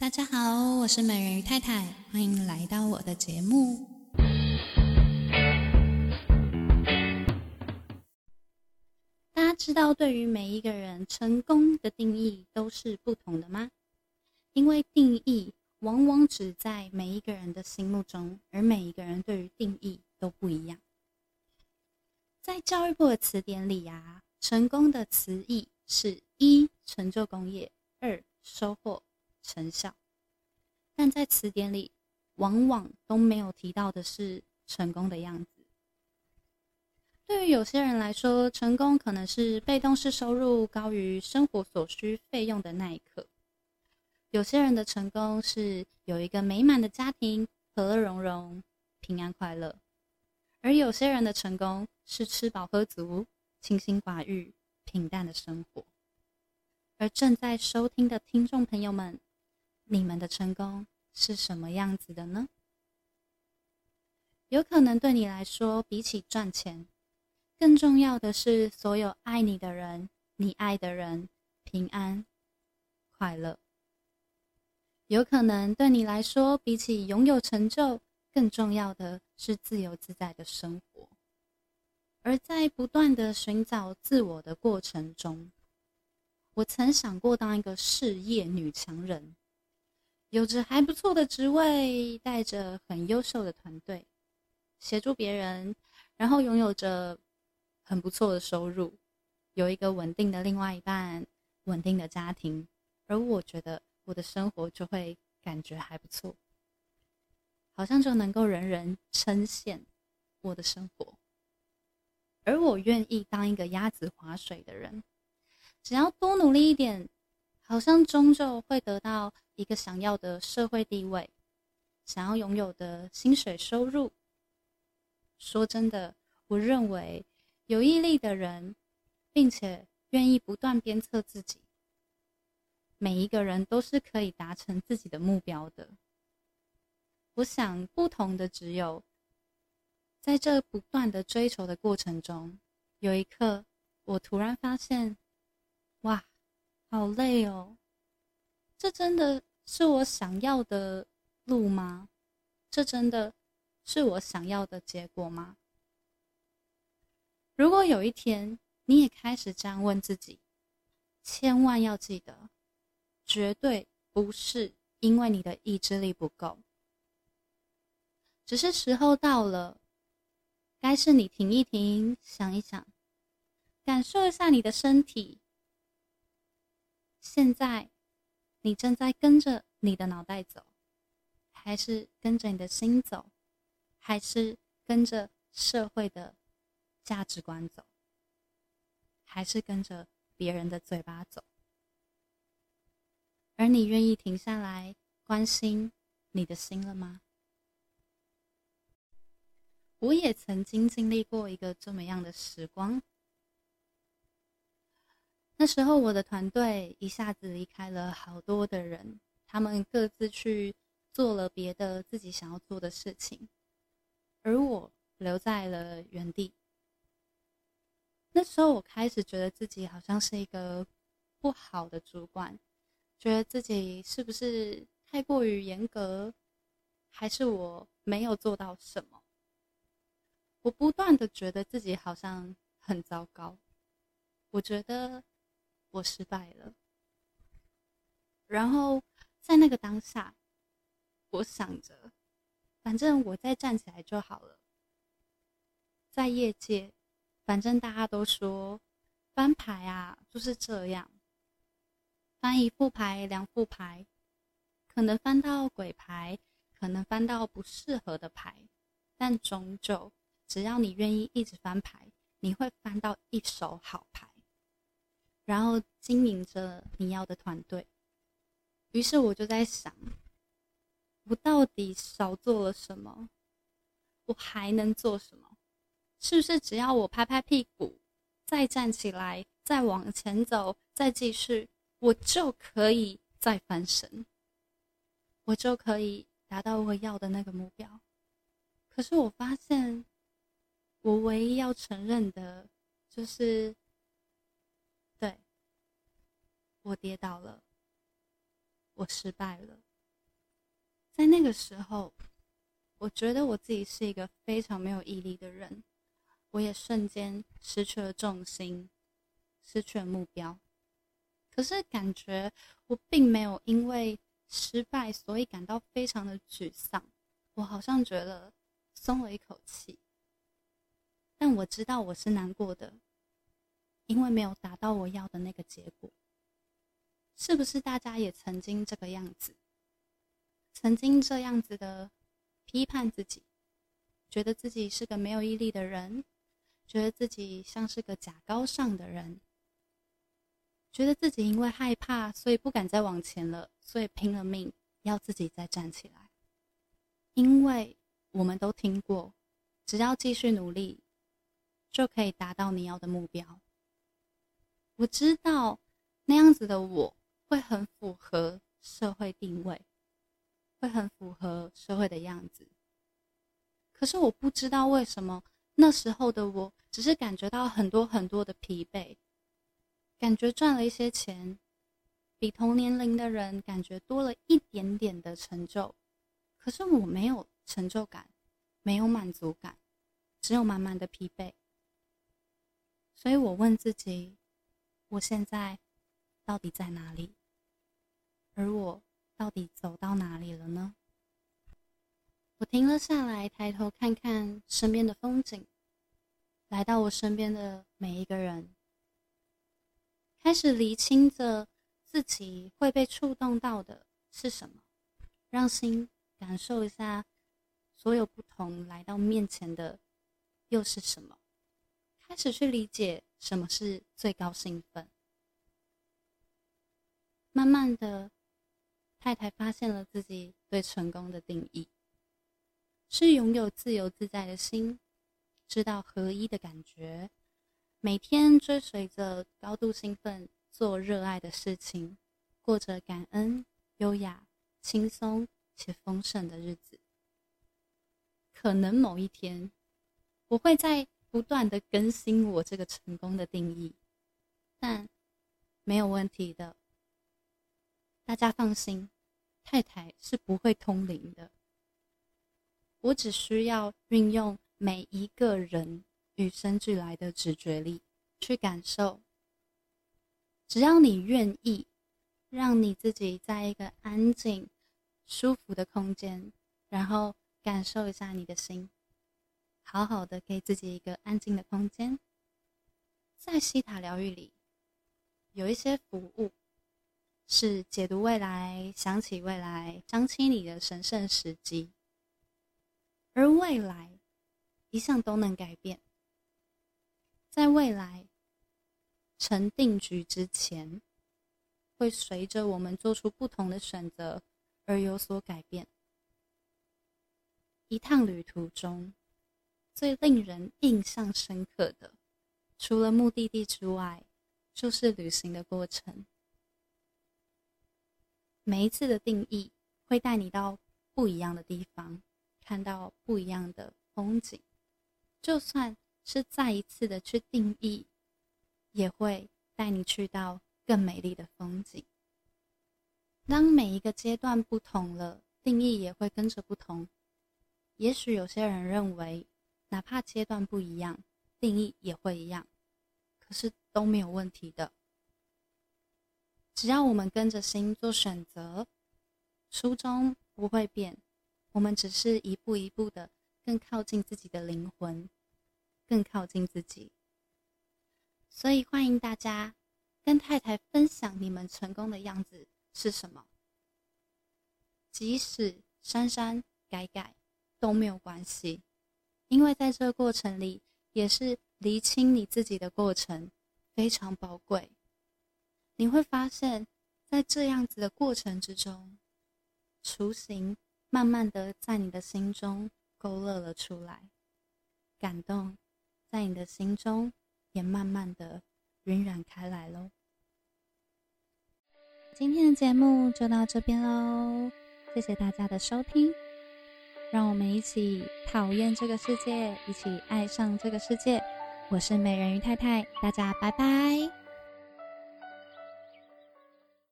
大家好，我是美人魚太太，歡迎來到我的節目。大家知道，對於每一個人成功的定義都是不同的嗎？因為定義往往只在每一個人的心目中，而每一個人對於定義都不一樣。在教育部的詞典裡呀，成功的詞義是一，成就功業，二，收穫。成效，但在詞典裡往往都沒有提到的是成功的樣子。對於有些人來說，成功可能是被動式收入高於生活所需費用的那一刻；有些人的成功是有一個美滿的家庭，和樂融融，平安快樂；而有些人的成功是吃飽喝足，清心寡慾，平淡的生活。而正在收聽的聽眾朋友們。你們的成功是什麼樣子的呢？有可能對你來說，比起賺錢，更重要的是所有愛你的人、你愛的人平安快樂。有可能對你來說，比起擁有成就，更重要的是自由自在的生活。而在不斷的尋找自我的過程中，我曾想過當一個事業女強人。有着還不錯的職位，帶着很優秀的團隊，協助別人，然後擁有着很不錯的收入，有一個穩定的另外一半，穩定的家庭，而我覺得我的生活就會感覺還不錯，好像就能夠人人稱羨我的生活，而我願意當一個鴨子划水的人，只要多努力一點。好像終究會得到一個想要的社會地位，想要擁有的薪水收入。說真的，我認為有毅力的人，並且願意不斷鞭策自己，每一個人都是可以達成自己的目標的。我想，不同的只有，在這不斷的追求的過程中，有一刻，我突然發現，哇！好累哦，這真的是我想要的路嗎？這真的是我想要的結果嗎？如果有一天你也開始這樣問自己，千萬要記得，絕對不是因為你的意志力不夠，只是時候到了，該是你停一停，想一想，感受一下你的身體。現在，你正在跟着你的腦袋走，還是跟着你的心走，還是跟着社會的價值觀走，還是跟着別人的嘴巴走？而你願意停下來關心你的心了嗎？我也曾經經歷過一個這麼樣的時光。那時候我的團隊一下子離開了好多的人，他們各自去做了別的自己想要做的事情，而我留在了原地。那時候我開始覺得自己好像是一個不好的主管，覺得自己是不是太過於嚴格，還是我沒有做到什麼？我不斷的覺得自己好像很糟糕，我覺得。我失敗了，然後在那個當下，我想着，反正我再站起來就好了。在業界，反正大家都說翻牌啊就是這樣，翻一副牌、兩副牌，可能翻到鬼牌，可能翻到不適合的牌，但終究只要你願意一直翻牌，你會翻到一手好牌。然後經營着你要的團隊，於是我就在想，我到底少做了什麼？我還能做什麼？是不是只要我拍拍屁股，再站起來，再往前走，再繼續，我就可以再翻身？我就可以達到我要的那個目標？可是我發現，我唯一要承認的，就是。我跌倒了，我失敗了。在那個時候，我覺得我自己是一個非常沒有毅力的人，我也瞬間失去了重心，失去了目標。可是，感覺我並沒有因為失敗所以感到非常的沮喪，我好像覺得鬆了一口氣。但我知道我是難過的，因為沒有達到我要的那個結果。是不是大家也曾經這個樣子？曾經這樣子的批判自己，覺得自己是個沒有毅力的人，覺得自己像是個假高尚的人，覺得自己因為害怕，所以不敢再往前了，所以拼了命要自己再站起來。因為我們都聽過，只要繼續努力，就可以達到你要的目標。我知道那樣子的我。會很符合社會定位，會很符合社會的樣子。可是我不知道為什麼，那時候的我，只是感覺到很多很多的疲憊，感覺賺了一些錢，比同年齡的人感覺多了一點點的成就。可是我沒有成就感，沒有滿足感，只有滿滿的疲憊。所以我問自己，我現在到底在哪裡？而我到底走到哪裡了呢？我停了下來，抬頭看看身邊的風景，來到我身邊的每一個人，開始釐清着自己會被觸動到的是什麼，讓心感受一下所有不同來到面前的又是什麼，開始去理解什麼是最高興奮，慢慢的。太太發現了自己對成功的定義：是擁有自由自在的心，知道合一的感覺，每天追隨着高度興奮做熱愛的事情，過着感恩、優雅、輕鬆且豐盛的日子。可能某一天我會在不斷的更新我這個成功的定義，但沒有問題的。大家放心，太太是不會通靈的。我只需要運用每一個人與生俱來的直覺力去感受。只要你願意，讓你自己在一個安靜、舒服的空間，然後感受一下你的心，好好的給自己一個安靜的空間。在西塔療癒裡，有一些服務。是解讀未來、想起未來、張清理的神聖時機。而未來一向都能改變，在未來成定局之前，會隨着我們做出不同的選擇而有所改變。一趟旅途中，最令人印象深刻的，除了目的地之外，就是旅行的過程。每一次的定義會帶你到不一樣的地方，看到不一樣的風景。就算是再一次的去定義，也會帶你去到更美麗的風景。當每一個階段不同了，定義也會跟着不同。也許有些人認為，哪怕階段不一樣，定義也會一樣，可是都沒有問題的。只要我們跟着心做選擇，初衷不會變，我們只是一步一步的更靠近自己的靈魂，更靠近自己。所以歡迎大家跟太太分享你們成功的樣子是什麼，即使刪刪改改都沒有關係，因為在這個過程裡也是釐清你自己的過程，非常寶貴。你會發現，在這樣子的過程之中，雛形慢慢的在你的心中勾勒了出來，感動在你的心中也慢慢的暈染開來嘍。今天的節目就到這邊嘍，謝謝大家的收聽，讓我們一起討厭這個世界，一起愛上這個世界。我是美人魚太太，大家拜拜。